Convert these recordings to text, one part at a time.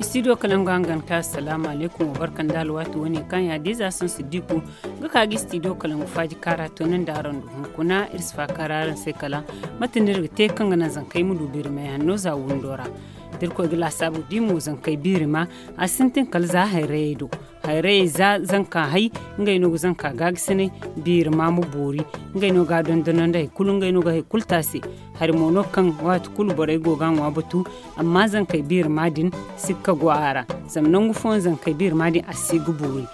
studio kalangangan ka salamu alaikum wa barkan da alwatu wani kan ya diza sun su diku ga kagi studio kalangu faji kara tonin da aron duhun kuna irsfa kararan sai kala matinir te kan ganan zan kai mu dubir mai hannu za wundora. dora dirko gila sabu dimu zan kai birima a sintin kal za do haire za zan ka hai ngai no zan ka gag birima mu bori ngai no ga don don dai kulun ngai no ga hai kul tasi har mo no kan wat kul borai go gan wa butu amma zan kai birima din sikka gwara zan nan gu fon zan kai birima din asigu bori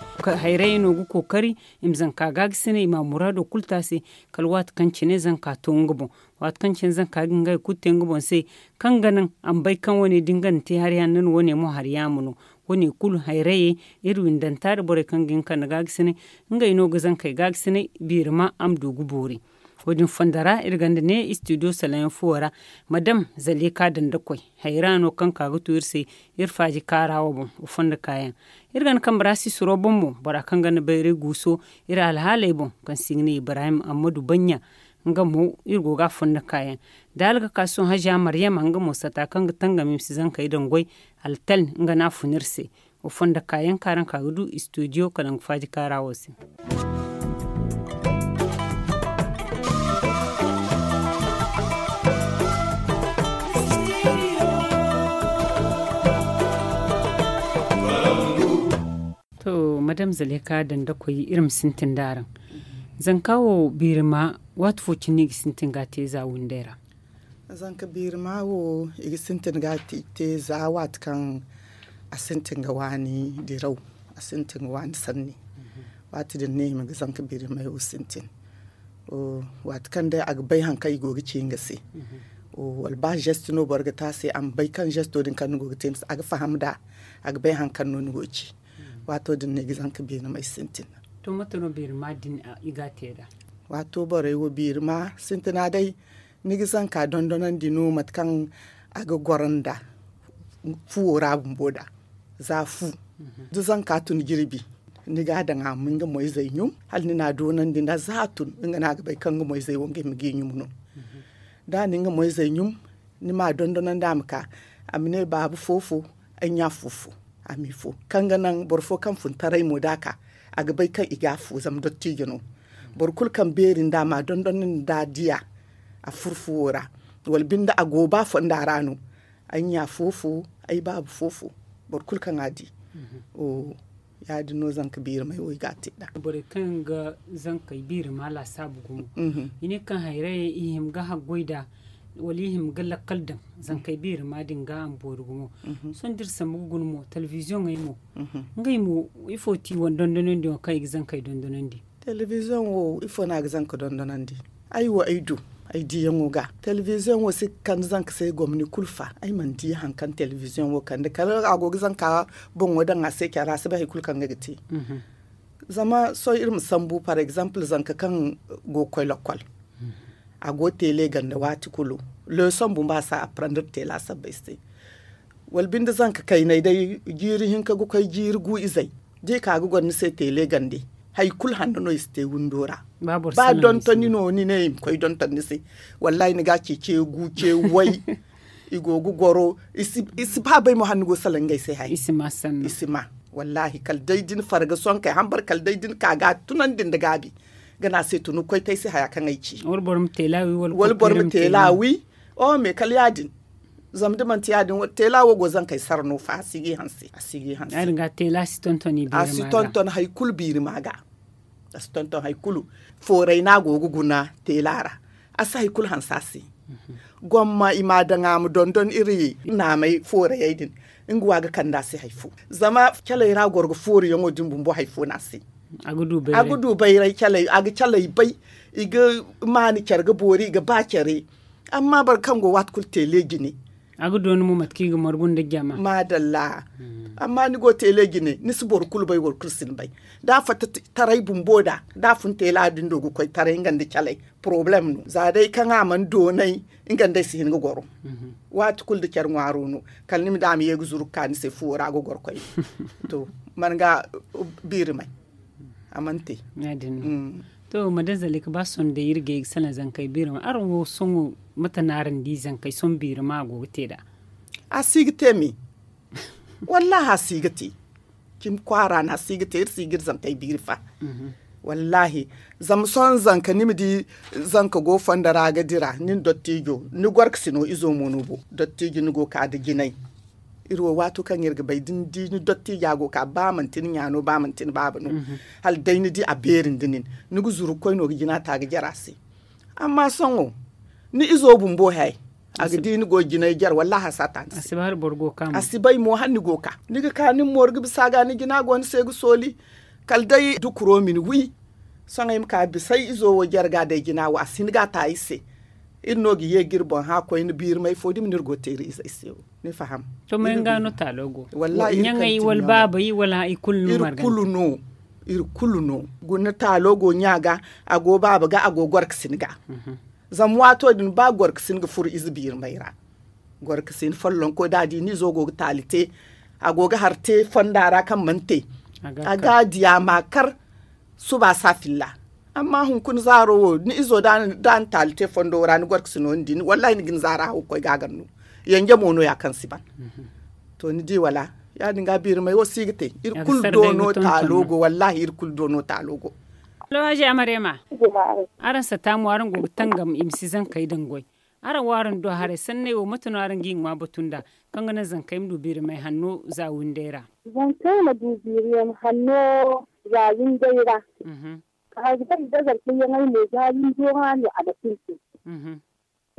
haire no gu kokari im zan ka ga sene ma murado kulta si kalwat kan cine zan ka tongubo wata kan chen zan ka ginga kutte gubon sai kan ganin an bai kan wani dingan te har yanan wani mu har yamuno wani kul hairaye irwin dan tar bore kan gin kan gagsine ino ga zan kai gagsine birma am dugu bore wajen fandara irganda ne studio salayen fuwara madam zalika kai hairano kan kaga tuwir sai irfaji karawa bon ufanda kayan irgan kan brasi suro bon bon bara kan gana bayre guso ira alhalai bon kan singne ibrahim amadu banya nga mu irgo ga funna kayan dalga kason haja maryam nga mo sata kan ga tanga mi si kai goy altal nga na funirse o funda kayan karan ka gudu studio kan faji karawosi to madam zalika da koyi irin sintin darin zan kawo birma wat fo ci nigi sintin ga te za wundera zan kabir ma wo igi sintin ga te za wat kan a sintin ga wani dirau a sintin wani sanni mhm. wati da ne mi zan kabir mai o sintin o wat kan da ag bai hankai gogi ci ngasi mhm. o wal ba gest no borga ta sai an bai kan gesto din kan gogi tems ag da ag bai hankan no gogi mhm. wato din ne zan kabir mai sintin uh, to matano bir madin a igatera wato borai wa biyar ma sintina dai nigisan ka di dino matkan aga goron da fuwo rabin boda za fu mhm. zan ka tun girbi ni ga da nga mun ga moy zai nyum hal ni na donan da za tun ga na ga bai kan ga moy zai wonge mi gi nyum no mhm. da ni ga moy zai nyum ni ma dandanan da muka amine babu fofo anya fofo ami fo kan ga nan borfo kan fun tarai da daka aga bai kan iga fu zam dotti gino you know. bor kul kam beeri da ma don don da diya a furfuwora wal binda a goba fo ndarano an ya fofo ai babu fofo bor kul adi mhm. o oh, ya di no zanka biri mai wai ga tidda bore kan ga zan biri ma la sabu gumu mhm. ine kan haire ihim ga ha goida wali him galla kaldam zan kai biyar ma dinga an bori gumo mhm. sun dir samu gunmo television ngai mo ngai mo ifoti don don don kai zan kai don don di television wo ifo na gizan zanka don di ai wo ai du ai di yan ga television wo si kan ka sai gwamni kulfa ai man di hankan television wo kan da kala ago zan ka bon wadan a sai kyara sai bai kulkan ga gite mhm. zama so irin sambu for example ka kan go kwalakwal mhm. a go tele ganda wati kulu le sambu ba sa aprendre tela sabai sai walbin da ka kai nai dai jiri ka go kai jiri gu izai je ka ga sai tele gande hay kul hande no iste wundora ba don to ni no ni ne koy don to ni se wallahi ni ga ce ce gu ce wai igogu goro isi isi ba bai mo hannu go salangai sai hay isi ma sanna isi ma wallahi kal daidin farga son kai hambar kal daidin kaga tunan din da gabi gana sai tunu koy tai sai haya kan aici walborum telawi mu telawi o me kal yadin zamdi man ti yadin tela wo gozan kai sarno fa asigi hansi sigi hansi ai ga tela si tonton ni ga si tonton hay kul ma ga. das tonton haikulu forai na goguguna telara asa haikulu sasi Goma ima da ngamu dondon iri na mai forai yaidin inguwa ga kan da si haifu zama kala ira gorgo fori yango dimbumbo haifu na si agudu bai rai kyalai aga kala bai iga mani kyarga bori ga ba kyare amma bar kan go watkul tele gini agudo ni mumat ki gumar gunda gyama madalla hmm. amma ni go tele gine ni su bor kul bai wor kristin bai da fata tarai boda da fun tele adin dogu koi tarai ngande chalai problem no za dai kan aman donai ingande si hin goro mhm. wat kul de kyar ngwaro no kal ni da mi yegu zuru kan se fura go gor koi to man ga bir mai amante nadin mm. to madazalik bason da yirge kai zankai biram aron wo songo mata dizan kai son biri ma gote da a sigite mi wallahi sigite. kim kwara na sigite ir sigir zan kai biri fa mhm. wallahi zam son zanka nimidi zanka go fanda raga dira nin dottijo ni gork sino izo monubo dottijo ni go ka da ginai irwo watu kan yirga bai din di ni dotti go ka ba mantin yano ba mantin babu no mhm. hal dai ni di a berin dinin ni koi no gina ta ga jarasi amma son ni izo bumbo hay aga dini go jinay jar wallahi satan asibar borgo kam asibai mo hanni go ka ni ka ni bi saga ni gina ni segu soli kal dai dukro min wi sangayim ka sai izo wo ga dai gina wa ga ta ise no gi ye girbon ha ko in bir mai fodi min go teri isa ise ni faham to men gano talogo wallahi nyangai wal baba yi wala i kullu marga kullu ir kullu no guna talogo nyaga ago baba ga ago gork siniga mm -hmm. zam wato din ba gorkisin ga fur izbir maira gorkisin fallon ko dadi ni zo go talite agoga harte fandara kan mante aga diya makar su ba safilla amma hun kun zaro wo ni izo dan dan talite fondo rani gorkisin on din wallahi ni gin zara ko gagarnu yange mono ya kan siban mhm. to ni di wala ya dinga bir mai wasigite irkul dono talogo wallahi irkul dono talogo Lo haji amarema. Aran sa tamu aran go tangam imsi zan kai dangoi. Aran warin do hare sanne wo mutun aran gin ma butunda kanga na zan kai dubiri mai hannu za wundera. Zan kai ma dubiri hannu za wundera. Mhm. Ka zai da zarki yanai mai zalin doha ne a bakin Mhm.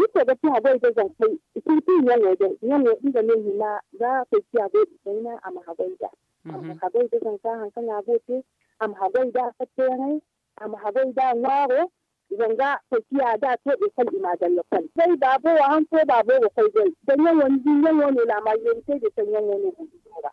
Ita da tun abai da zan kai ikin ne ne da mhm. yana inda ne na za ka ci a abai da yana mhm. a mahabai da. Ka mahabai da zan ka hankali abote a mahabai da a fatiyar mahagai da waro zanga tafiya da to ikal imadan lokal sai babo wa han ko babo kai dai dan yan wani din yan wani la ma yin sai da san yan wani gudura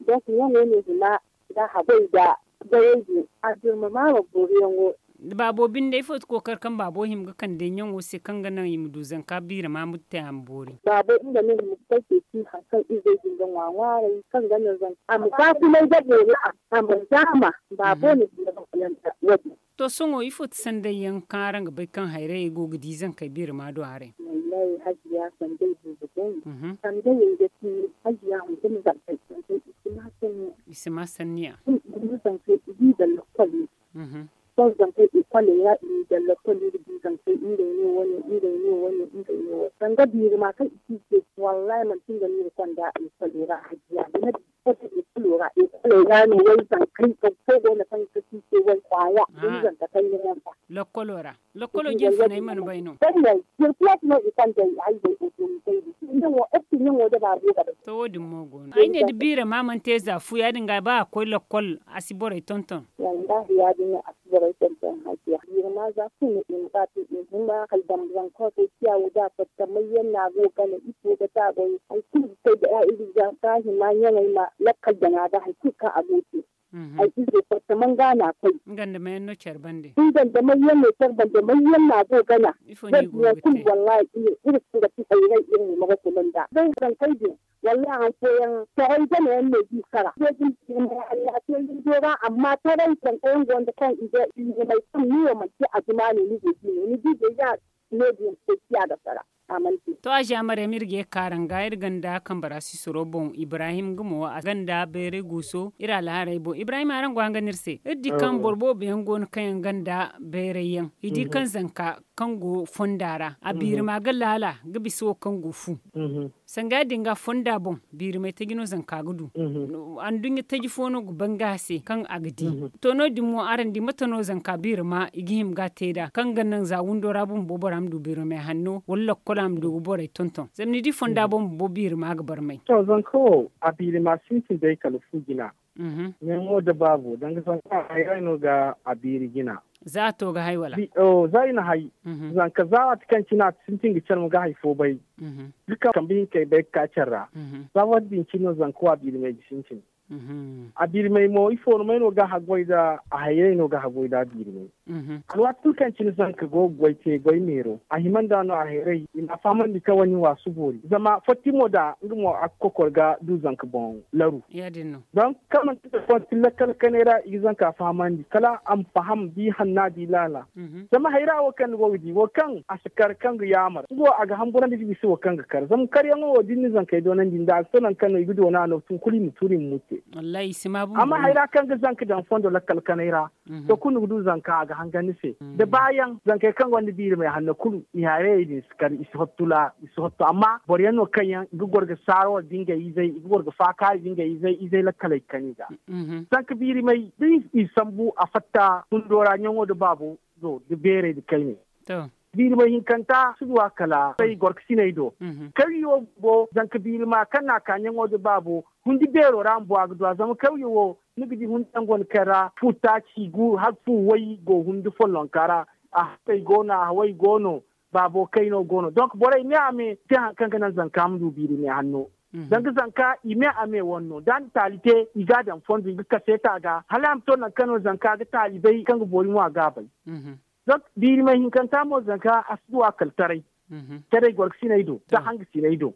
dan su yan wani zuma da hagai da gayeji a jirma ma wa gori yango babobin da ifo ko karkan babo him ga kan den yan wose kan ga nan yimu duzan ka bira ma mutta an bori babo inda ne mu take ki hakan ize jin wawa kan ga nan zan am ka kuma da ne am zama babo ne da kan wadi to ifo san da yan karan ga bai kan haire go gidi zan kai bira ma do are wallahi hajiya san dai dubin mhm. san dai da ki hajiya mun kun zan kai san isma saniya isma saniya bi da lokali Son zankai ikwale ya ɗi dalla toli da bi zankai inda ne wani inda ne wani inda ne wani. Zanga biri ma kan isi ce wallahi man tinga ne kwanda ikwale ra hajiya. Na bi kwata lura in ka ne wai zan kai ka ko da na kai ka ci wai kwaya ah. in zan ka kai ran ka je fa da yi ko wa wa da ba to mo ai ne da bira maman te fu ya dinga ba ko kol asibore tonton yanda ya dinga asibore tonton hakiya ma za su ne in ba ta in sun ba hal da zan ko wuda fatta mai yana go kana ipo da ta goyi ai da ya iri zan hima ma ma da na da hakika a lote. A gizo kwata man gana kai. Ganda mai yanno charban de. In ganda mai yanno charban da mai yanna gana. Zai biya kun wallahi irin sun da kika yi rai irin maga kullun da. Zai ran kai de wallahi an koyan tarai da mai yanno bi sara. Zai jin cikin Allah sai yin dora amma ta tarai kan koyan gonda kan ida mai san ni wa mace a zuma ne ni ji ne ni ji da ya ne da ya da sara. To a aji amare mirge karan gair ganda kan barasi sorobon ibrahim gumo a ganda bere guso ira laharai bo ibrahim aran gwanga nirse iddi kan borbo biyan gon kan ganda bere yan idi mhm. kan zanka kan go fondara a mhm. birma ga lala ga biso kan go fu mhm. sanga dinga fonda bon mai ta gino zanka gudu an dunya ta ji fono go bangase kan agdi to no dimo aran di mata no zanka ma igihim ga teda kan gannan za wundo rabun bobaram du mai hanno wallo kolam dugu bore tonton zamni di fonda mhm. bon bo bir mag barmai to zan ko abiri ma sintin dai kalu kalfu mhm ne mo da babu dan ga ka ayi no ga abiri gina za to ga haiwala o oh, za ina hai mhm. zan ka za ta kan kina sintin ga can ga haifo bai mhm duka kan bin kai bai ka charra mhm. za wa din kino zan ko abiri mai sintin abiri mai mo ifo mai no ga hagoida a hayyano ga hagoida abiri mai Mhm. alwa tun kan cin zan ka go goite goi mero a himan da no a herei ina faman ni ka ni wasu bori zama fotimo da ngumo a kokor ga du zan ka bon laru ya dinno don kaman ta kon tilla kanera i zan ka faman ni kala am faham bi hanna di lala mhm. zama haira wa kan go di wa kan askar kan ga yamar go aga hamburan di bi so kan ga kar zam kar yan wo dinni zan kai donan din da nan kan i gudu na no tun kuli muturin mutte wallahi sima bu amma haira kan ga zan ka dan fondo lakal kanera to mhm. kunu du zan ka ga hangani se da hmm. bayan zan kai kan wani biri mai hannu kulu ni hare din skar isi hottula isi hottu amma boriyan no kan yan gugor ga sarwa dinga yi zai gugor ga faka dinga yi zai izai lakalai kani ga zan ka biri mai din isambu a fatta sun dora nyanwo da babu zo da bere da kai ne bilma hinkanta suwa kala sai gorksinai do mm-hmm. kariyo bo zanka bilma kana kanyen wadu babu hundi bero ran bo agdu azam kariyo nigdi hun tangon kara futa cigu har fu wai go hundu folon kara a gona a wai gono babo kai no gono donc bore me ame ti kan kan zan kam du biri ne hanno dan mhm. zan ka ime ame wonno dan talite iga dan fondo ka seta ga halam to nan kano zan ka ga talibe kan go bori wa bai mhm. donc biri mai hin kan tamo zan ka asuwa kaltarai mhm. tare gork sinaido ta hang sinaido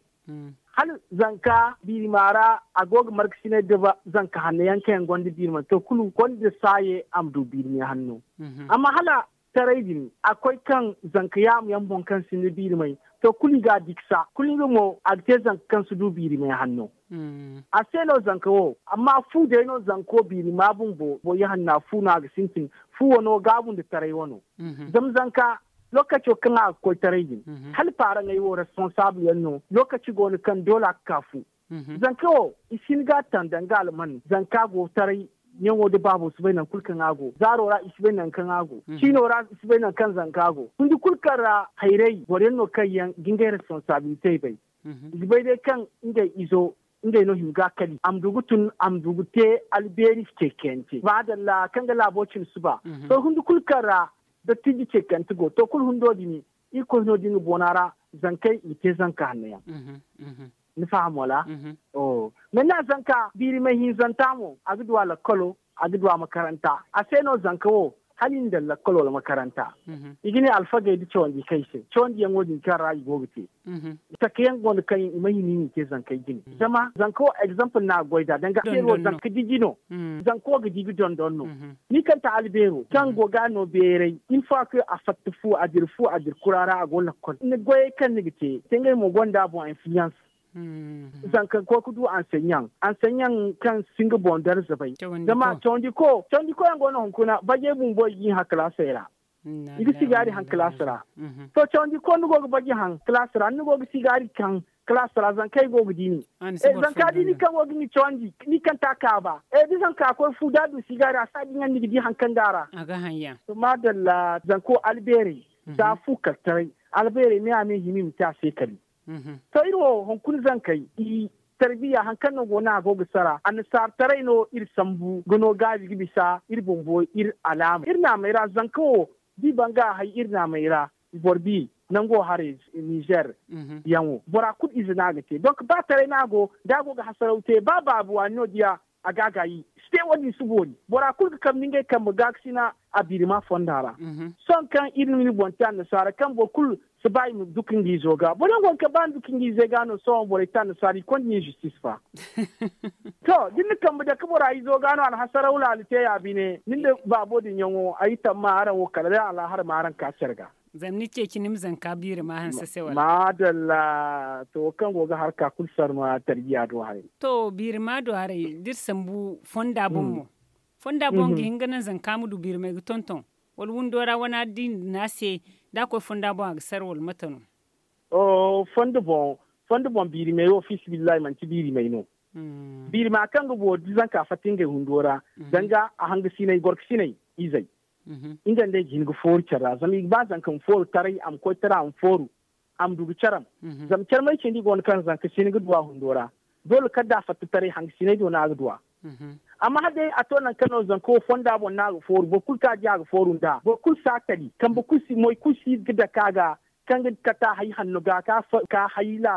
hal zanka birimara agog marksine ba zanka hanne yanke en gonde birma to kulu gonde saye amdu birmi hanno mhm. amma hala taraidin akwai kan zanka yam yan bon kan sinne birmai to kuli ga diksa kuli ga mo agte zanka kan su du birmai hanno mhm. a selo zanka wo amma fu de no zanko birma bun bo bo ya hanna fu na ga sintin fu wono gabun da tarai mhm. zam zanka lokaci kan a koitareji mhm. hal para ngai wo responsable yanno lokaci goni kan dola kafu mhm. kawo isin ga tandanga alman zan kago tarai ne wadi babu su bai nan kulkan ago zarora isi bai nan kan ago cinora mhm. isi bai nan kan zankago kundi kulkara hairai warin no kai yan gingai bai bai dai kan inda izo inda yano himga kali amdugutun amdugute alberi dugute alberi ba da la kanga labocin su ba so kundi kulkara dottiji ce kantigo to kul dini i dini bonara zankai ite zanka ya mhm, mhm. ni la mhm. o na zanka biri mai hin zantamo kolo lakkolo agidwa makaranta a aseno n'o wo halin da lakolol makaranta mhm. igini alfaga di cewa di mhm. kai se cewa di yango din rayu gobe gogite Ita kayan gon kan mai nini ke zan gini mhm. zama zanko example na gwaida don ga fero zanka ka digino Zanko ga digi don don ni kan ta albero kan goga no bere in fa ka a adirfu fu a gol lakol ni goye kan ni gite mu gwanda bu a influence Mm-hmm. zankan ko kudu an sanyan an sanyan kan singa bondar zabai dama tondi ko tondi ko yango na hunkuna baje boy yi ha klasera idi sigari han klasera to mm-hmm. tondi ko nugo baje han klasera nugo sigari kan klasera zan kai gogu dini e zan ka dini kan wogi ni tondi ni kan ta ka ba e eh, di zan ka ko fuda du sigari asa di ni di han kan dara aga hanya to madalla zan ko alberi da mm-hmm. fu kaltare alberi me ami himi mutase kali Mhm. to iro hunkun zan kai tarbiya hankan no gona go gisara an sar tarai no ir sambu gono gaji bisa ir bombo ir alama ir na mai ra zanko di banga hay ir na mai ra borbi nango hare Niger mhm. yanwo bora kud izina gate donc ba tarai nago dago ga hasarauta ba babu wani no dia agagayi wani su boni bora kan kam ninge kam gaksina abirima fondara son kan irin ni bonta na sara kan bo kul sibai mu dukin gizo ga bora gon ka ban dukin gizo ga no son bora ta na sari kon ni justice fa to din kan da ka bora zo ga no an hasara wala alite ya bine nin da babo din ayi tamma aran wakala da ala har maran ka cerga zamni kini kinim zan kabiri ma hansa sewal ma dalla to kan goga ka kulsar ma tarbiya do hare to biri ma do hare dir sambu fonda mo mm. fonda bongi mhm. hingana zan kamudu biri mai tonton wal wundora wana din na se da ko fonda bon ag sarwal matano o fonda bon fonda bon biri mai ofis billahi man ci biri mai no mm. biri ma kan go bo dizan ka fatinga hundora danga mm. a hanga sinai gork sinai izai Mhm. inda ne gini ga foru cara zam yi ba zan kan foru tarai am ko tara am foru am dubi charam mhm. zam char mai chindi gon kan zan ka sin ga duwa hundora dole kada fatta tarai hang sinai do na ga duwa mhm. amma hade a to nan kano zan ko fonda bon na ga foru bo kul ka ja ga foru da bo kul sa kali kan bo kusi moy kusi ga da kaga kan kata hayi hannu ga ka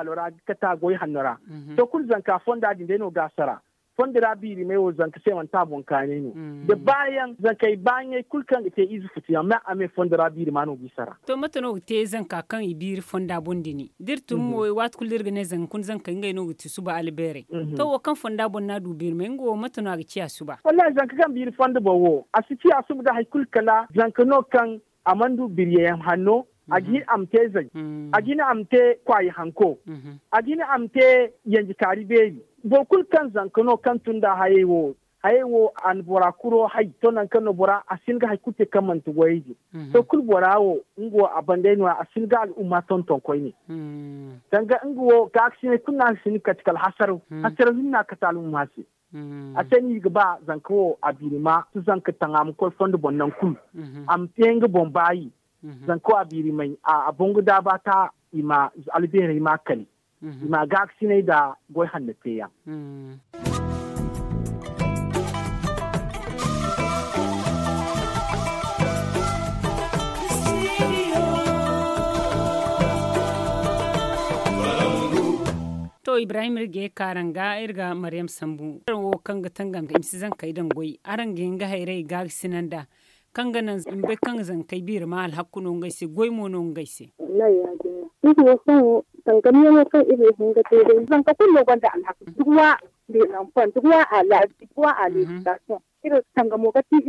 lura ka kata goyi hannura to kul zan ka fonda din dai no ga sara fondira biri mai wo zanka sai wanta bon kane ne. Mm. da bayan zanka i banye kulkan ke izu futi amma ame fondira biri manu bisara to no te zanka kan i biri fonda dir tum mhm. mo wat kulir gane zan kun zanka ngai no gutu suba albere mhm. to wo kan fonda bon na du biri mengo no ga ciya suba wallahi ka kan biri fonda bo wo asiti asubu da hay kulkala ka no kan amandu biri yam hanno Mhm. Mhm. a gini amte zai gini amte kwayi hanko mhm. a gini amte yanzu kari beyi bokul kan zankano kan tunda hayewo hayewo an bora kuro hay tonan kan bora asinga hay kan kaman to goyiji to kul bora wo ngo abandai a asinga al umma ton ton koyni ga ngo ka aksine kunna sin katikal hasaru hasaru minna katal umma si a can yi gaba zanka a birima su zanka mu kwalfon da bonnan kul am tenga bayi Mhm. zan ko biri mai a abun guda ba ta ima albere ma ima mhm. ga ne da goi hannu teya. Mm. to ibrahim rige karanga irga maryam sambu wo kanga tangam ga imsi zan kai goyi aran ginga haire ga sinanda kangana be kang zan kai bir ma al hakkuno ngaise goymo no ngaise wallahi ya je ni san tangani mo kan ibe hinga de zan gwanda al hakku nan fon a la duwa a legislation ti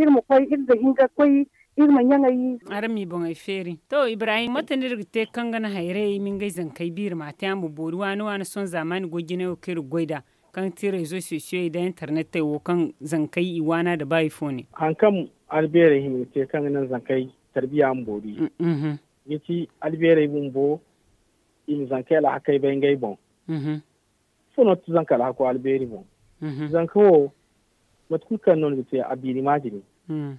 yi bon feri to ibrahim matandir te kangana hayre min gai zan kai bir ma ta mu wani son zamani gogine o kir goida kan da internet te wo kan zan kai iwana da bai fone an albere him te kan nan zankai tarbiya an bori yiti mm, mm-hmm. albere bun bo im zankai la hakai ben gai bon fono mm-hmm. tu zankai la ko albere bon mm-hmm. zankai wo matkun kan non bite abiri majini mm.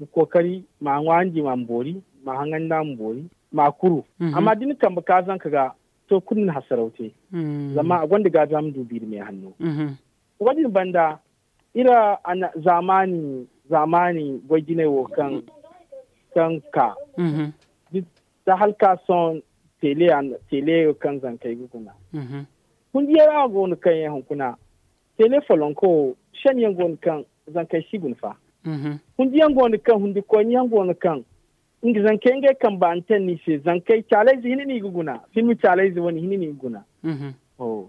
mu kokari ma wanji ma bori ma hangan da bori ma kuru amma din kan ba ka zanka ga to kunnin hasarauti mm. zama a gwanda ga zamu dubi mai hannu wani banda ira zamani zamani gwagine wo kan kan ka mm-hmm. ta halka son tele an tele kan zan kai guguna kun je ra ne kan yan hankuna tele folon ko shan yan gon kan zan kai shigun fa kun je gon kan hundi ko yan gon kan in zan kai ngai kan ba antan ni se zan kai challenge hinini ni guguna filmi challenge wani hinini ni guguna mm-hmm. oh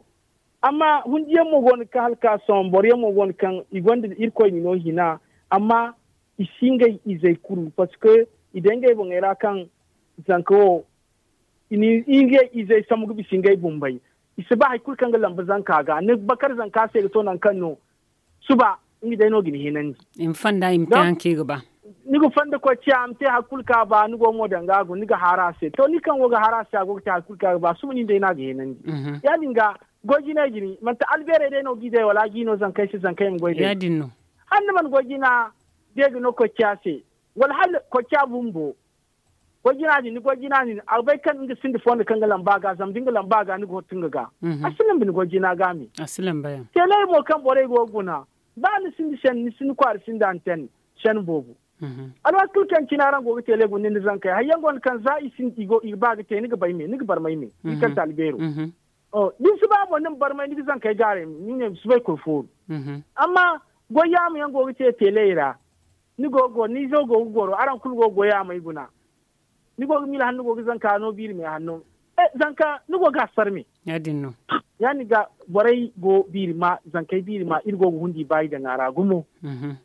amma hundi yan mo gon ka halka son bor yan mo gon kan igonde irko ni no hina amma isingai izai kuru paske idan gai bongera kan zanko ini inge izai samugu bisingai bumbai isiba haikul kan lamba zanka ga ne bakar zanka sai ga tonan su ba ingi dai no gini hinanji in fanda im tanki gaba nigo fanda ko ci am te hakul ka ba nigo mo danga go niga harase to ni kan woga harase go ta hakul ka ba su ni dai na ga hinanji mhm. ya dinga goji na gini manta albere dai no gide wala gino zankai shi zankai ya dinno hannu man gogina degi no kokiya wala hal kokiya bumbo gogina ni ni gogina ni albai kan inga sindi fonda kan galan baga zam dinga lan baga ni go tunga ga mhm. asilan bin gogina gami asilan bayan tele mo kan bore go guna ba ni sindi shen ni sindi kwar sindi anten shen bobu mhm. alwa kul kan kina ran go tele go ni zan kai hayyan gon kan za isin igo ibaga te ni ga bai me ni ga bar mai me ni kan talbero mhm. oh din su ba mo nan barmai ni zan kai gare ni ne su bai ko fo amma goya mu yan gogi ce tele ira ni gogo ni zo go goro aran kul go goya mu iguna ni gogi mila hannu gogi zanka no bir me hannu eh zanka ni go ga sarmi ya dinno ya ni ga borai go bir ma zanka bir ma irgo go hundi bai da ngara gumo mhm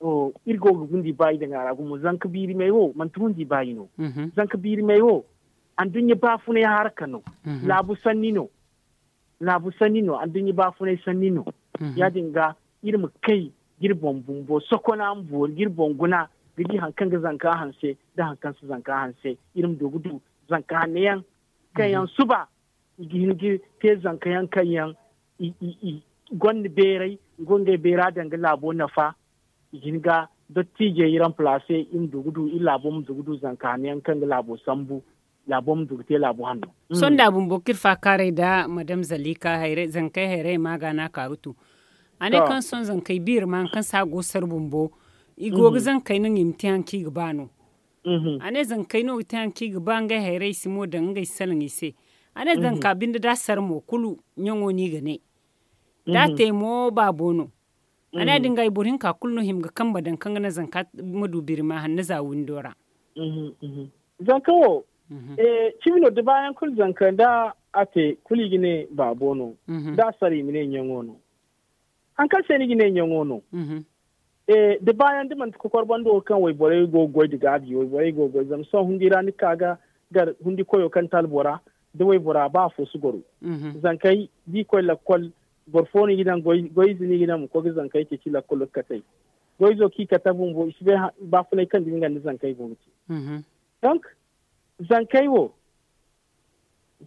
o irgo go hundi bai da ngara gumo zanka bir me wo man tundi bai no mhm. zanka bir me wo an dunya ba fune har kano mhm. labu sanni no labu sanni no an dunya ba fune sanni no mhm. ya dinga irin kai girbon bumbo sokona buwar girbon guna gidi hankan ga zanka hanse da hankan su zanka hanse irin da gudu kan yan mhm. su ba gihirgi ke zanka yan kayan gwanda berai gwanda bera danga labo na fa dotti je iran place in dogudu in labo mu dogudu gudu zanka hanniyan kan ga labo sambu labo mu dogute labo hannu. son da mm. bumbokir fa kare da madam zalika haire zanka haire magana karutu. ane kan son zan kai biyar ma kan sa gosar sar bumbo igogi mhm. zan kai nan imti han ki gbanu mhm. ane zan kai no imti han ki gban ga hairai mo da ngai salin ise ane zan mhm. ka binda da sar mo kulu nyango ga ne da te mo ba bono ane dinga burin ka kullu him ga kan badan kan na zan ka mudu bir ma han na za windora zan kawo eh chimino da bayan kul zan ka eh, da ate kuligine ba bono da sari mine nyango no an ka seni gine nyongono no mhm. eh de bayan de man ko korbando kan way bore go goy diga abi way bore go goy zam so hundira ni kaga gar hundi koyo kan talbora de way bora ba fo su goru mm -hmm. zan kai di koy la kol gorfoni gidan goy goy zini gidan ko zan kai ke kila kol katai goy zo ki katabun bo isbe ba fulai kan dinga zan kai go mm donc zan kai wo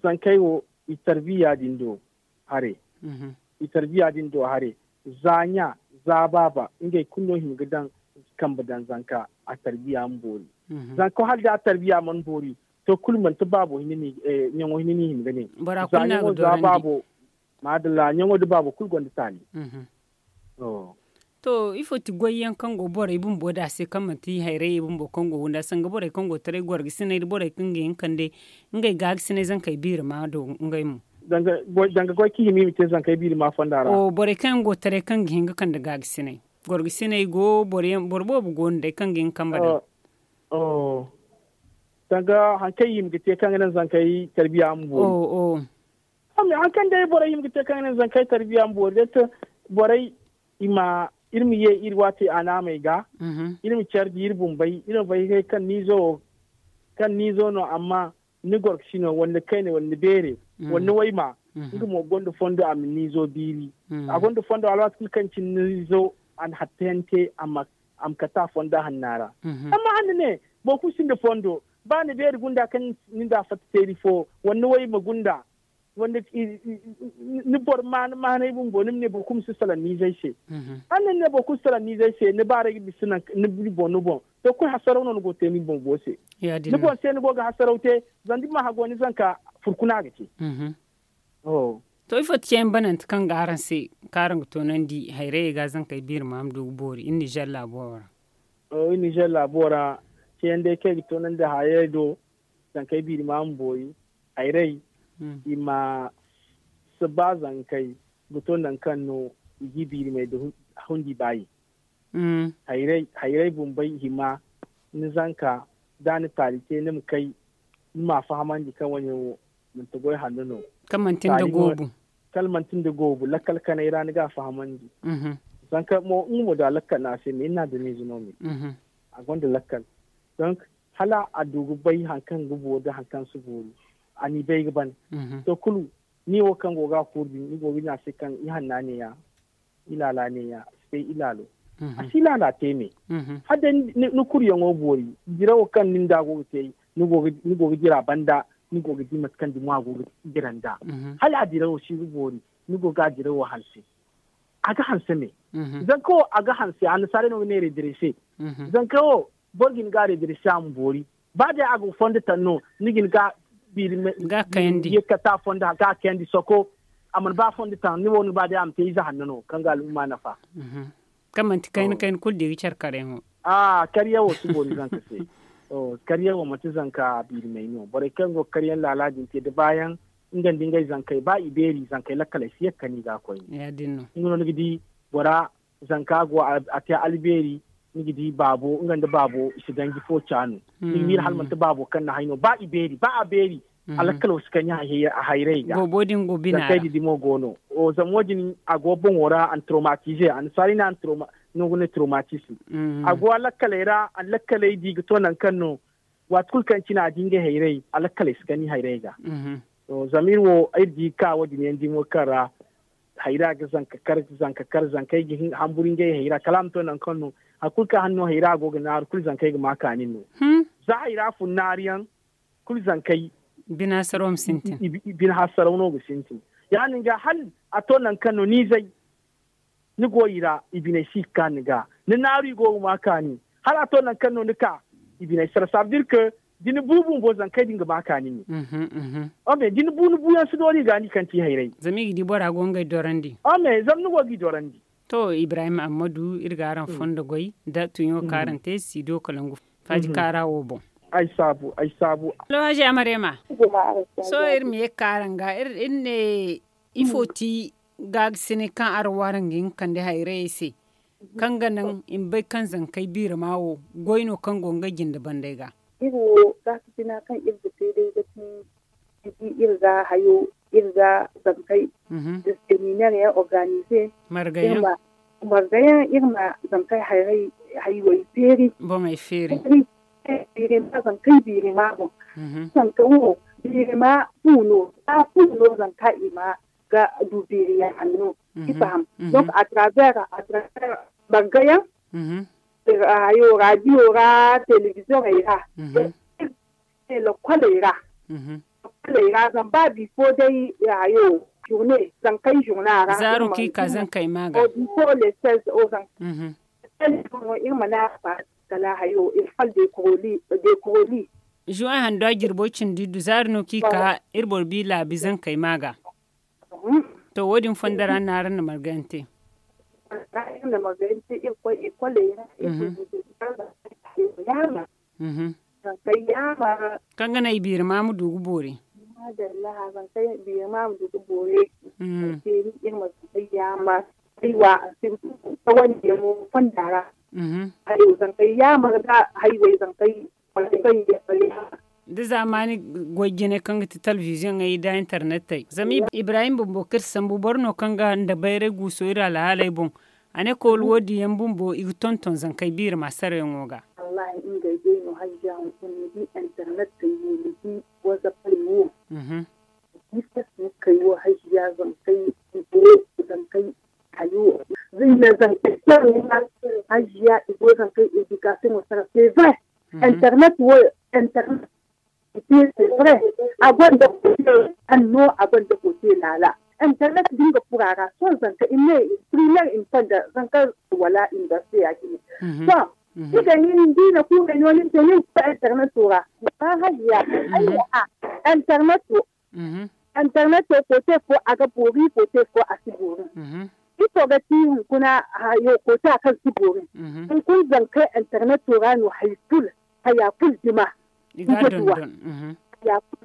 zan kai wo itarbiya do hare mm -hmm. hare zanya zababa inge kunno him gidan kan bidan zanka a tarbiya mbori mhm. zanko har da tarbiya man bori to kulman ta babu hinini eh, nyango hinini him gane bara kunna go zababo madalla nyango de babu kulgon da tani mhm. to ifo ti goyen kango bore ibun boda se kama ti haire ibun bo kango wunda sanga bore kango tare gwargi sinai bore kange yankande ngai gag sine zankai bir ma do ngai mu danga go ki mi te zan kai biri ma fandara o bore kan go tare kan hinga kan daga gisine gor gisine go bore borbo bu gonde kan gin bada o danga han kai yim gite kan nan zan kai tarbiya bo o o am an kan dai bore yim gite kan nan zan kai tarbiya ambo da ta bore ima irmi ye irwate ana mai ga mhm. irmi chardi irbun bai ina bai kai kan nizo kan nizo no amma ni gor shino wanda kai ne wanda bere Mm. wani waima inda mm-hmm. mu gondo fondo am nizo biri mm. a gondo fondo ala kan kanci nizo an hatente amma am kata mm-hmm. fondo hannara amma hanne boku sinde fondo ba ne beri gunda kan ninda fat seri fo wani waima gunda wanda ni bor man manay bum bo nim ne bo su sala ni zai se mhm. an ne bo kum sala ni zai se ne bare gi bisina ne bi bon no bon to ko hasara non go temi ni bon bo se ni bon se ni go ga hasaro te zandi ma ha go ni zanka furkuna ga ce mhm. oh to ifo tiyan banan kan garan se karan to nan di haire ga zanka bir mam do bori in Niger labora oh in Niger labora tiyan de ke to nan da haire do zanka bir mam boyi haire Hmm. ima su ba zankai nan kanno gibi mai da hundi bayi hmm. hairai bumbai hima ni zanka dani talite ni kai ma fahaman di kan wani mintagoi hannuno kalmantin da gobu kalmantin da gobu lakal kana ira ni ga fahaman di hmm. zanka mo in mu da lakal na sai ina da ni zinomi a gwanda lakal don hala a dugu bai hankan gubo da hankan su bori ani beiga ban mhm. to kulu ni wo kan goga kurbi ni gobi na se kan i hanna ne ya ilala ne ya sai ilalo mhm. a lala te me mhm. hadda ni kuryo ngo bori jira wo kan nin da go te ni gobi ni gobi jira banda ni gobi di mat kan di ma gogi jiran da hal adira wo shi bori ni gogi jira wo hansi aga hansi me zan ko aga hanse an sare no ne redresse zan ko borgin ga dirise am bori ba da aga fonda tanno nigin ga bilme yeka ta fonda ka ko. soko aman ba fonda tan ni wonu ba de am te iza hanno kangal umma nafa mhm. kaman ti kain oh. kain kul de richar kare ho ah kariya wo su boni zan kase oh kariya wo mata zan ka bilme no bare kango kariyan lalajin te da bayan ingan dingai zan kai ba iberi zan kai lakala siya kani ga koyi ya dinno ngono gidi bora zan ka go a te alberi nigidi babo da babo siganji fo chanu hmm. nimir ta babo kan na hayno ba iberi ba aberi hmm. alakal wasu kan yi a hairai ga gobodin gobina da kai mo gono o ago bon wora an traumatize an sari na an trauma gune traumatism hmm. ago alakal era alakal di gito nan wa tukul kan cina dinga haire alakal su kan haire ga o zamir wo di ka ne yan mo kara haira ga zanka kar zanka kar zanka gihin hamburin ga haira kalam to nan no kulka a hira goga nar kul zankai ga makanin ninu. Hmm? za a ira fun nariyan kul zankai bina sarom sintin bin hasarau no sintin yani ga hal a to nan kano ni zai ni go ira ibine shi ni ga ni nari go ni hal a to nan kano ni ka ibine sar sabdir ke dini bubun bo zankai dinga ka ni mhm, mhm. ome dini bunu buyan su dori ga ni kan ti hairai zami gidi bora gonga dorandi ome zam ni go gi dorandi to ibrahim amadu irgaran mm. fonda goy da tunyo mm. karante sido kalangu faji mm-hmm. karawo bon ai sabu ai sabu lo haji amarema so ir er mi karanga ir er inne ifoti mm. gag sine kan kan kande hayre se mm-hmm. kan ganan in bai kan zan kai bira mawo goino kan gonga ginda bandai ga iwo za su na kan irga sai dai ga tun irga hayo irga zamkai mhm. discriminare ya organize margaya margaya irma zamkai hayrai haywai feri bo mai feri feri ma zamkai biri ma bo mhm. zamkai wo biri ma puno a puno zamkai ima ga dubiri ya hannu mhm. ifaham donc à travers à travers margaya ayo radio ra télévision ira le kwale ira lega zan ba zan kai ki ka zan kai maga o girbocin didu ki ka irbor bi labi zan kai maga to wodin fondara na ran margante kan gana mamu dugu bore laha ban kai biya ma mu dubu bore ke irma ya ma mm-hmm. a ta wani mu fandara ayo zan kai ya da zamani kanga da internet tai zami ibrahim bumbokir sambu borno kanga da bayre guso ira la halai mm-hmm. yan bumbo tonton zan kai in ga internet yadda sun kai wa hajiya zan kai ibo zan kai hayo zina zan kai sarwa hajiya ibo zan kai education wa sarwa c'est vrai internet wa internet c'est vrai abin da kuke anno abin da kuke lala internet dinga kurara son zan kai ne premier infant da zan kai wala industry ya kini so Duka yin dina kuma ne wani ta yin ta internet tura. Ba hajiya, ai a internet Mm -hmm. internet ko kote fo aga bori kote fo a si bori mm-hmm. to ga ti kuna ko kote a kan si bori mm-hmm. in kun zanka internet to rano haiful hayaful jima hayaful mm-hmm.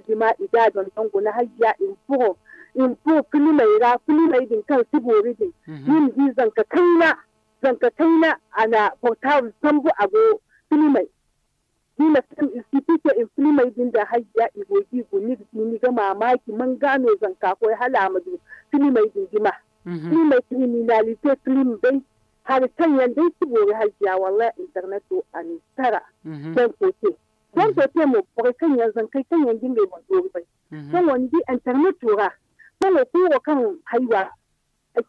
jima ida don guna hayya in furo in ko kuli mai ra kuli mai din kan si bori din yin ji zanka kaina zanka kaina ana portal tambu ago kuli mai dila isi institution in mai din da hajiya igogi guni gini ga mamaki man gano zanka ko hala fili mai din jima mhm. filmai fili film dai har can dai su bori hajiya wala internet to an tara mhm. dan kote dan mhm. kote mu bori kan yan kai kan yanzu mai bori bai Don wani internet tura bala ko kan haiwa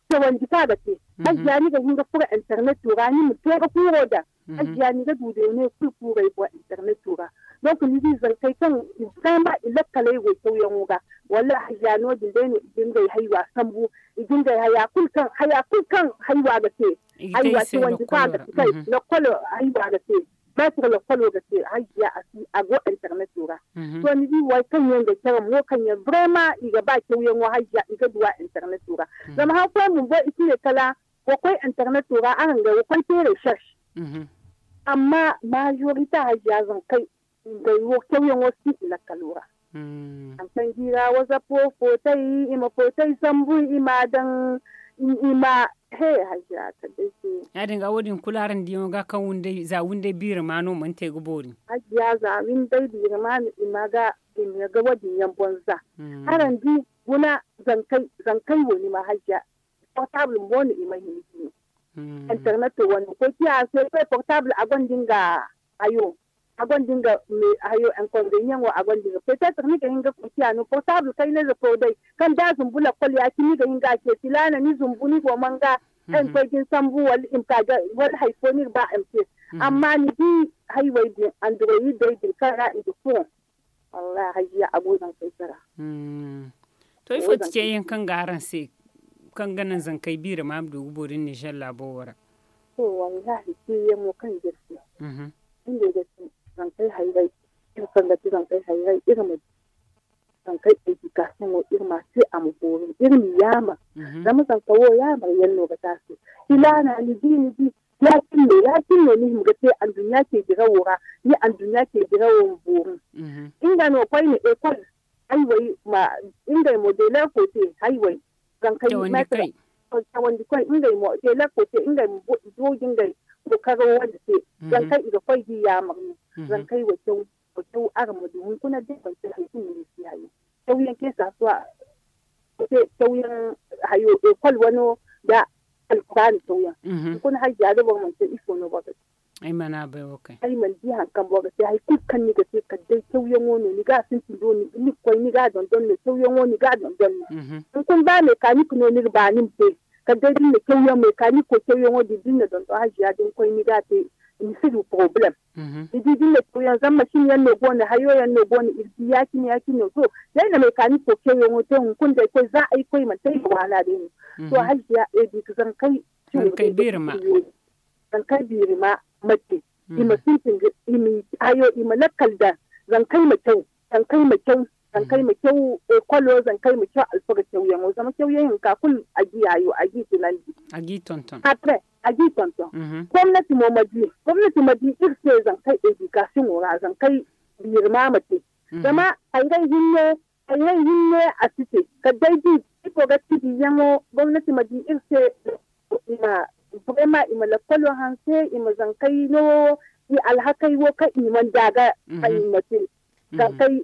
kewan jika ba te ajiya ni ga hinga fura internet tura ni mu tura kuro da ajiya ni ga dude ne ku kuro ko internet tura don ku ni zan kai kan san ba ilakalai go koyan wuga walla ajiya no dinde ne dinga haiwa sambu dinga haya kul kan haya kul kan haiwa ga te haiwa ce wanda ka ga kai mhm. na kolo haiwa ga te ba su ga kwalo da ce hajiya a su a go internet dora to mhm. ni bi wai kan yin da kiran mu kan ma. brema iga ba ke yan wa hajiya iga duwa internet dora mhm. zama ha ko mun bai iki ne kala ko koi internet dora an ga ko koi te shash. Mhm. amma majorita hajiya zan kai da yo ke yan wa su la kalora an san gira waza fofotai fotai ima fotai zambu ima dan ima he hajja ta dace ya dinga wodin kularan diyo ga kan wunde za wunde biyar ma no mun te gubori Hajjiya za win dai biyar ma ima ga in ya ga wadin yan bonza hmm. haran di guna zankai zankai woni ma hajja portable mo ni ima hin hmm. internet wani ko kiya sai portable a gondin ga ayo agon dinga me ayo en de wa agon dinga peut-être mi ga hinga ko tiya no portable kai ne ko dai kan da zumbula kol ya ki ni ga inga ke tilana ni zumbuni go manga mhm. en ko gin sambu wal imta ga wal haifoni ba ce. Mhm. amma ni bi haiwai din android dai din kara do ko Allah hajiya abunan sai sara hmm. to ifo tike yin kan garan se kan ganin zankai bi da mamdu guborin shalla labowar to wallahi ke yemo kan gaskiya mhm. inda gaskiya zankai irga zankai hairai irma zankai aiki kasin irma sai a mugorin irmi yama zama zanka wo yama yallo ga tasu ilana ni bi ni bi lakin ne lakin an duniya ke jira wora ni an duniya ke jira wo burin inda no kwai ne e kwal aiwai ma inda mo de la ko te aiwai zankai ma kai wanda kai inda mo de la ko te inda mo dogin gai bukaro wanda se mhm. zan kai iga koi gi ya magni mhm. zan kai wa kyau wa kyau ara mu dun kuna de ban sai hayu ne si hayu kyau yan ke sa suwa se kyau yan hayo e eh, kol wano da alquran kyau yan mhm. kuna hajja da ban sai ifo no ba ai mana bai wakai ai man ji hankan bo sai ai kukan ni ga sai ka dai kyauyen woni ni ga sun tindo ni ni koi ni ga don don ne kyauyen woni ga don don ni kun ba me ka ni kuno ni ba ni sai ka ga dinna keyo mai kani ko keyo di dinna don to hajiya din ko ni ga te mhm. ni su problem di di dinna ko yan zan mashin yan ne gona hayo yan ne gona irki ya kini ya kini to dai na mai kani ko keyo wadi hun kun dai ko za ai ko man tai ko da din to hajiya e eh, di zan kai zan kai birma zan kai birma mace mhm. ima sintin ima ayo ima nakal da zan kai mace zan kai mace zan kai mu kyau ekolo eh, zan kai mu kyau alfaga kyau yango zama kyau yayin ka kun agi tunan ji a ji tonton a ji tonton mhm. gwamnati mo maji gwamnati madi irse zan kai education ora zan kai birma mate mhm. zama airai hinne airai hinne a cite ka dai ji ko ga tidi yango gwamnati madi irse ina ma ima lakolo hanse ima zan kai no i alhakai wo ka iman daga fahimmatin mhm. zan kai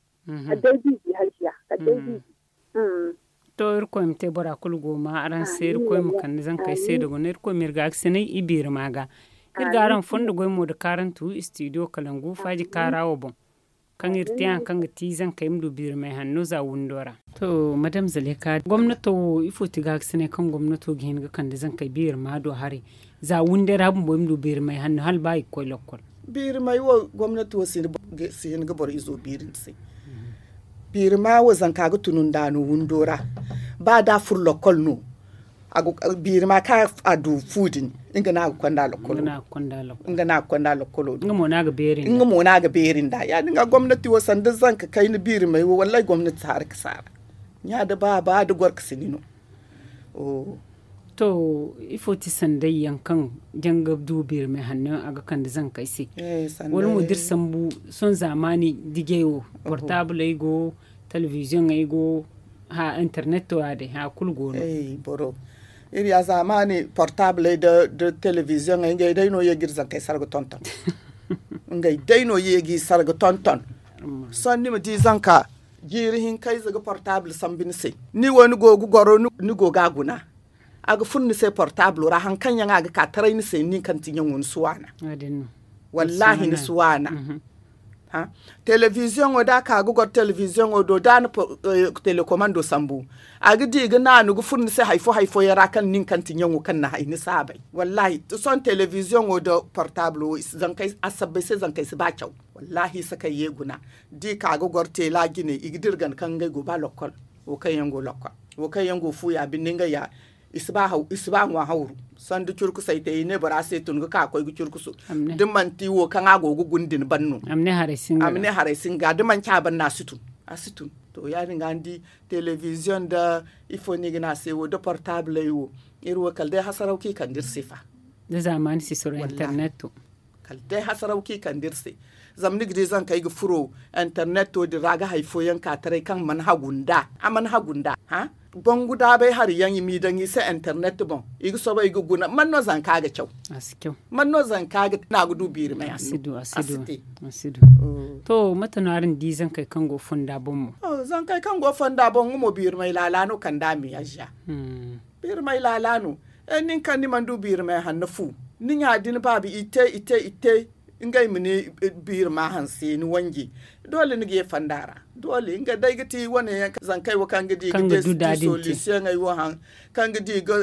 bi kaddai bibi hajiya kaddai bibi to irko mi te bora kulgo ma aran ah, se ko mi kan zan kai ah, se dogo irko mi irga ma ga. maga irga aran fondo goy mo de karantu studio kalangu ah, faji karawo bon kan irti an kan ti zan kai mdu bir mai hannu za wundora to madam zaleka gwamnato ifo tiga aksine kan gwamnato gihin ga kan da zan kai bir ma do hare za wundera bun bo mdu bir mai hannu hal bai koy lokkol bir mai wo gwamnato sin sin ga bor izo birin sai piiri maa wo zan kaga tunun da no wundora ba da fur lokol no biiri maa ka a du in ga na kwanda in ga na kwanda lokolo inga mo na ga berin in mo na ga berin da ya dinga gwamnati wo sandan zan ka kai ni biiri mai wallahi gwamnati har ka sara nya da ba ba da gwarka no oh to ti sandai yankan janga dubir mai hannun aga kan da zan kai se eh, wani mudir sambu son zamani digeyo portable ego television ego ha internet to ade ha kulgo eh boro iri a zamani portable da da television ngai dai no ye zan kai sarga tonton ngai dai no ye gi sarga tonton ni muti zanka girihin kai zaga portable sambin se ni wani gogu goro ni goga guna aga funni sai portable ra han kan yanga aga mhm. ka tarai ni sai nin kan tinyan won suwana wallahi eh, ni suwana ha television o da ka go television o do dan telecommando sambu aga di ga na ni funni sai haifo haifo ya ra kan nin kan tinyan kan na haini sabai wallahi to son television o do portable zan kai asabbe sai zan kai su ba kyau wallahi saka ye guna di ka go tela gine igdirgan kan ga go ba lokol o kan yango lokol o kan yango fu ya bin ninga ya isbahu wa san sandu curku sai yi ne bara sai tun ka koi gu curku su dimman ti wo kan ago gu gundin bannu amne hare singa amne hare singa man cha ban na a asitun to ni gandi television da ifoni gina sai wo da portable wo irwo kalde hasarauki kan dir sifa da zamani si sur internet to kalde hasarauki kan dir sai zamni gidi zan kai furo internet to diraga haifo yanka tare kan manhagunda a manhagunda ha bon guda bai har yan yi midan yi sai internet bon igi so bai igi guna man no zan kaga kyau asikyo man no zan kaga na gudu biri mai asidu asidu asidu mm. to rin di zan kai kango funda bon mu oh, zan kai kango funda bon mu biri mai lalano kan da mi yasha hmm. biri mai lalano en eh, nin kan ni mandu du biri mai hannafu nin ya din babu ite ite ite ingai mini eh, biri ma hanse ni wangi dole ni ge fandara dole nga dai gati wane ya zan kai wa kan gidi gidi solution ai wa han kan gidi ga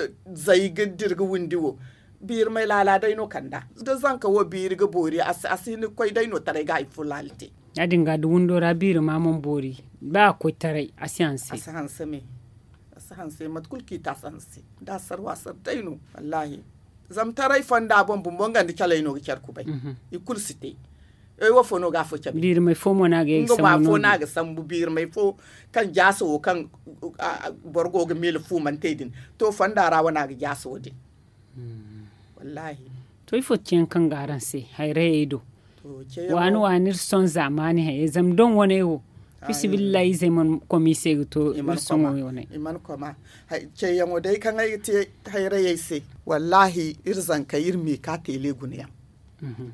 zai gidir ga windiwo bir mai lala dai no kanda da zan ka wo bir ga bori as asini kai dai no tare ga ifulalti ya dinga du wundo ra bir ma mon bori ba ko tare asianse asianse me asianse matkul ki ta sanse da sarwa sar dai no wallahi zam tare fanda bon bumbonga ndi kala ino ga kyar bai mhm. ikul sitai yoy wo fono ga fo chabi bir mai fo na ga ngo ma fo na ga bu bir mai fo kan jaso kan borgo ga mil fu man taidin to fanda rawa na ga jaso din wallahi to ifo cin kan garan se haire edo wani wani son zamani hay zam don wani wo fisibillahi zai man komise to son wani wani iman hay ce yango dai kan ai te haire yai se wallahi irzan ka irmi ka tele guniya mhm.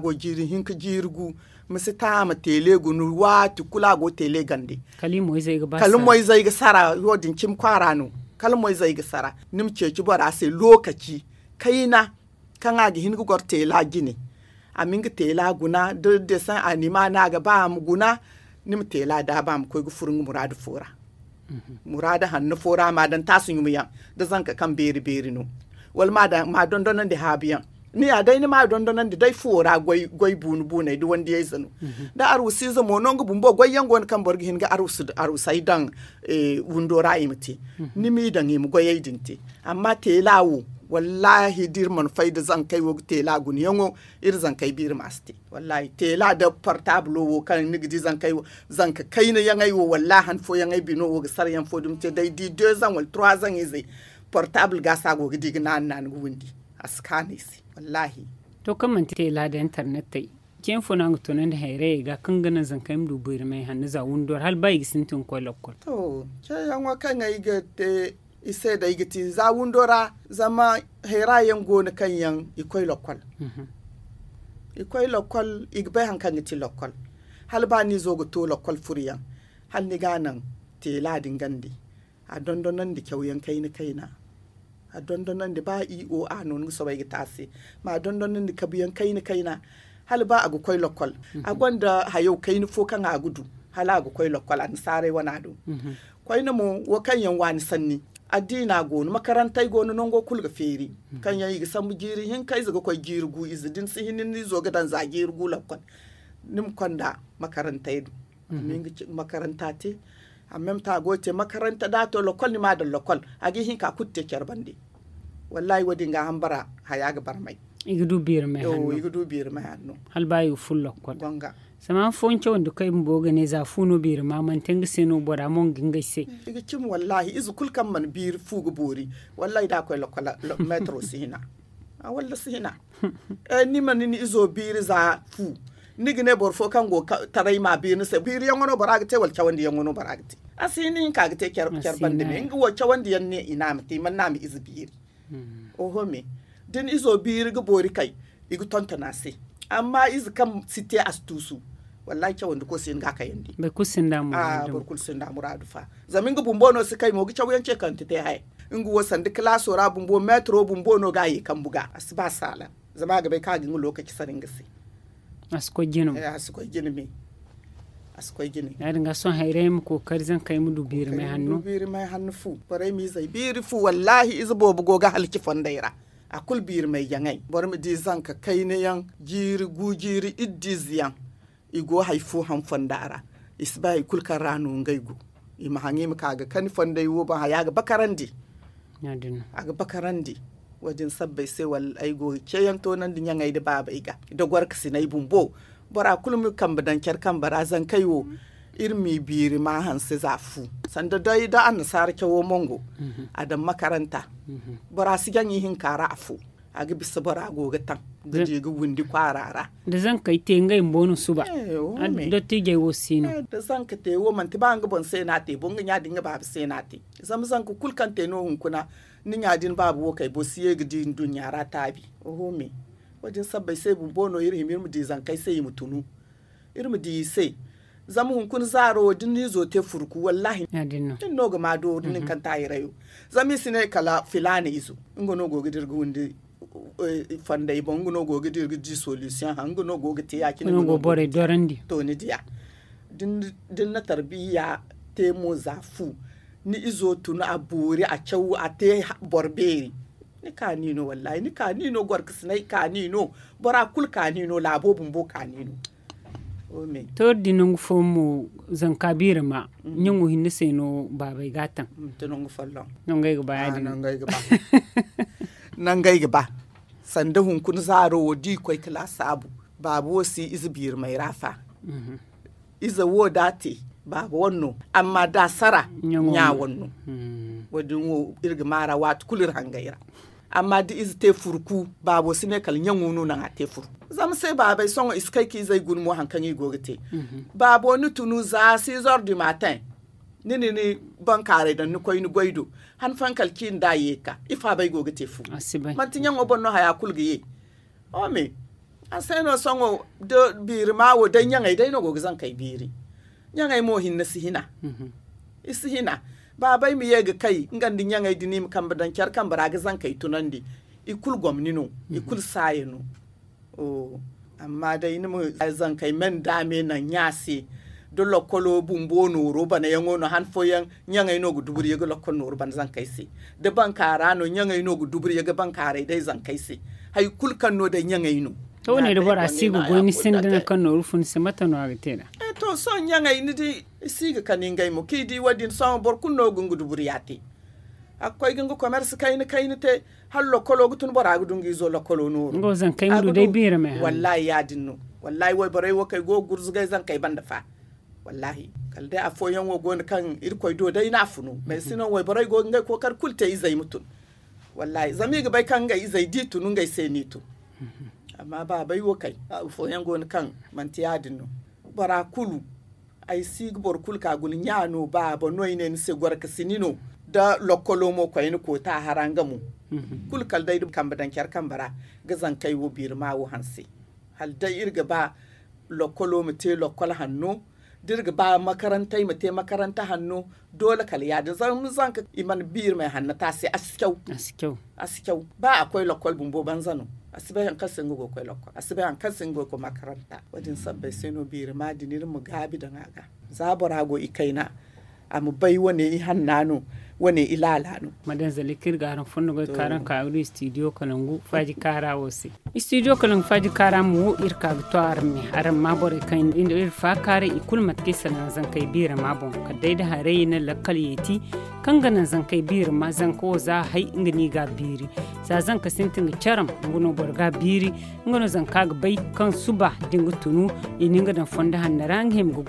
go jiri hinka jirgu misi tama tele gunu watu go tele gande kalimo izai ga kalimo izai ga sara yodin cim kwara no kalimo zai ga sara nim ceci bora sai lokaci kaina kan agi hinga gor tela gine ga tela guna da da san anima na ga ba mu guna nim tela da ba mu koi ga furun muradu fora mhm. murada hannu fora ma dan tasun yumiyan da zanka kan beri beri no wal ma da ma don don da habiyan ni a dai ni ma don donan da dai fora goy goy bunu bune dai wanda yayi zanu mhm. da arusi zamo non gubun bo goy wani kan borgi hin ga arusi arusai dan e wundo imti mhm. ni mi dan im yayi dinti amma telawo wallahi man faida zan kai wo la gun yango ir zan kai bir masti wallahi la da portable wo kan gidi zan kai zan ka kai ne yangai wo wallahi han fo yangai bino wo sar yan fo dum te dai di 2 ans wal 3 ans portable gasa go gidi nan nan gundi askanis wallahi to kaman te la da internet tai ken fona ngutunan da haire ga kan ganin zan kai mu dubu mai hannu za wundor hal bai gisin tun kwal. to ce yan wa kan ga iga te ise da igiti za wundora zama haira yan goni kan yan ikoi lokwal mhm. ikoi lokwal igbai kan giti lokwal hal ba ni zo to lokwal furiyan hal ni ganan te ladin gandi a dondonan da yan kai ni kaina a dandanan da ba i e o a non so ta se ma dandanan da ka biyan kai kai na hal ba agu koy lokol a mhm. ha yau kai kaini fo kan gudu hal agu koy lokol an sare wana do koy na mu wa kan yan wani sanni addina gonu makarantai gonu non go kulga feri mhm. kan yan yi sambu jiri hin kai zaga koy din si hin ni zo gadan za jirgu lokol nim kwanda makarantai mm makaranta te en même temps gote makaranta da to lokol ni ma da lokol agi hin ka kutte kerbandi wallahi wadi nga hambara hayaga barmai igudu bir mai hannu igudu bir mai hanno hal bayu full ko gonga sama fonke wanda kai mboga ne za funo bir ma man tanga seno bora mon ginga se igi kim wallahi izu kulkan man bir fugu bori wallahi da ko lokola metro sihina a walla sihina eh ni man ni izo bir za fu Nigi ne borfo kan go tarai ma bi nse bir yangono baragte wal chawandi yangono baragte asini ka gite ker ker bande me ngi wo chawandi yanne inamti man nami hmm. o ho me den izo ri go bori kai igu na se amma izi kam site tusu wallahi chawandi ko sin gaka yandi bai kusin da ah, mu a bar kusin da muradu fa zamin go bumbo no sikai mo gicha che kan tite hay ngi wo sandi class ora bumbo metro bumbo no ga yi kan buga asba sala zama ga be ka gin lokaci sarin gisi asikoi ginum eh asikoi ginumi asikoi gini na dinga son haire mu kokari zan kai mu dubiri mai hannu dubiri mai hannu fu bare mi zai biri fu wallahi izbo bugo ga halki fondaira a kul biri mai yangai bar mu di zan ka kai ne yan jiri gujiri iddiziyan igo haifu han fondara isbai kul kan ranu ngaigu i mahangi mu kaga kan fondai wo ba ya ga bakarandi ya dinna aga bakarandi wajen sabbai sai wal aigo ke yanto nan dinya ngai da baba iga da gwarka sinai bumbo bara kulum kan badan kyar kan zan kaiwo mhm. irmi biri ma hanse zafu sanda dai da an sar kewo mongo mhm. adam makaranta mhm. bora sigan yihin kara afu a bisa bara goga tan da je ga wundi kwarara da zan kai te ngai mbonu suba eh, da te je wo sino eh, da zan ka te wo man te ba nga bon sai na te bon nya dinga ba sai na te zam zan ku kulkan te no hun kuna ni din babu wo kai bo siye gidi ndun yara bi oho me wajin sabbai sai bu bono iri himir mu di zan kai sai mu tunu iri mu di sai zamu hun kun zaro din ni zo te furku wallahi din no ga mado din mhm. kan ta yirayo zami sine kala filani izo ngono go gidir gundi fanda ibon ngono go gidir gidi solution han no go gite yakin ngono bore dorandi to ni dia din na tarbiya mo zafu ni izo tunu a buri a cewu a te borberi ni nino wallahi ni kanino ka nino bora kul nino labo bumbo kanino to dinung fomu zan kabir ma mm. nyungu hindi seno babai gatan mm, nungu fallo nungai gaba ah, ya dinu nungai gaba nungai gaba sanda kun zaro wodi koi kila sabu babu wasi izbir mai rafa mhm. iza wo baba wanno amma da sara nya wanno wadin hmm. wo irga mara wat kulir hangaira amma di iz te furku babo sine kal nuna na te furku zam sai baba songo iskai ki zai gunmo hankan yi gogite mhm. babo ni tunu za 6 heures du matin nini ni ban kare da ni ni goido han fankal kin da yeka ifa bai gogite fu mantin yango bonno haya ye o me an sai no songo do birma wo dan yangai dai no gogizan kai biri nyaŋay mo hinna si hina mm-hmm. isi hina babay mi yega kay ngandi nyaŋay dinim kamba dan kyar kamba zan kai tunandi ikul gwamni no mm-hmm. ikul saye no o amma dai ni mu kai men dame na nyasi do lokolo bumbo noro bana yango no hanfo yan nyanga no gu yega yego lokko noro ban zan kaisi de bankara no nyanga no gu yega yego bankara dai zan kaisi hay kulkan no da nyanga no to ne da bora sigu go ni kan no rufun se mata no agitena to son yangay nidi isiga kaningay mo di wadi son bor kuno kunno gungudu buriyati akoy gungu commerce kayni kayni te hallo kolo gutun bora gudungi zo lo kolo no ngo zan kay ndu dai bira me wallahi yadin no wallahi way boray wo kay go gurzu gay zan kay banda fa wallahi kal de afo yan wo gon kan ir koy do dai na funu me mhm. sino way boray go ngai ko kar kulte izai mutun wallahi zami ga bay kan ga izai ditu nun gai sai nitu amma ba bay wo kay afo yan gon kan manti yadin no barakulu ay sig borkul kagul nyano baba ne se gorka sinino da lokolomo kwayni ko ta haranga mu mhm. kul kal dai dum kamba dan kyar kambara zan kai wo bir ma wo hansi hal dai irga ba lokolo mu te lokol hanno dirga ba makarantai mu te makaranta hanno dole kal ya da zan zan ka iman bir mai hanna ta sai askyau askyau ba akwai lokol bumbo banzano asibai an kasa go ko lokko asibai an kasa go ko makaranta wadin sabbe seno ma dinir mu gabi da naga zabora go ikaina amu bai wane i wane ilalano madan zalikir garan funnugo karan ka wuri studio faji kara wose studio faji kara mu aran kan ir fa kare ikul zan kai bira hare yeti kan zan kai bira ma zan ko za hai ingani ga biri sa zan ka sintin charam ngono biri ngono zan ka bai kan suba dingu tunu ininga dan fonda hannaran hem go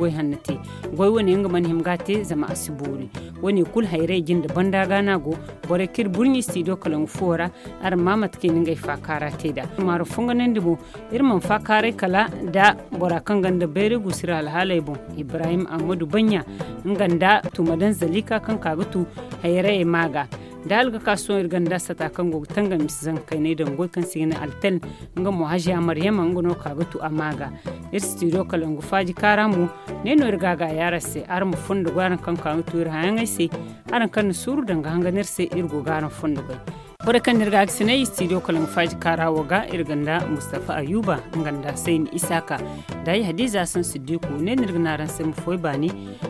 woni ngaman gate zama asiburi woni kul haire da bandaga nago bore kir burni studio kalan fora ar mamat ke ninga fa kara da maru funganen dibo irman fa kare kala da bora kan ganda bere gusira alhalai bon ibrahim ahmadu banya nganda tumadan zalika kan kagutu hayre maga Da dalga kasuwar ganda sata kan go tanga misizan kai ne dango kan na altel nga mo haji maryama ngono kaga tu amaga ir studio kalangu faji karamu ne no irgaga yara se ar mu fundu gwaran kan kan tur hanga se aran kan suru danga hanga ner ir irgo garan fundu bai wadda kan dirga aksine studio kalangu faji karawo ga irganda mustafa ayuba nganda sayin isaka da yi hadiza san sidiku ne nirgna ran se mu foi bani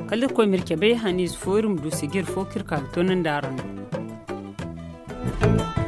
kalir ko mirke bai hanis foirum du fokir kan tonan Thank you.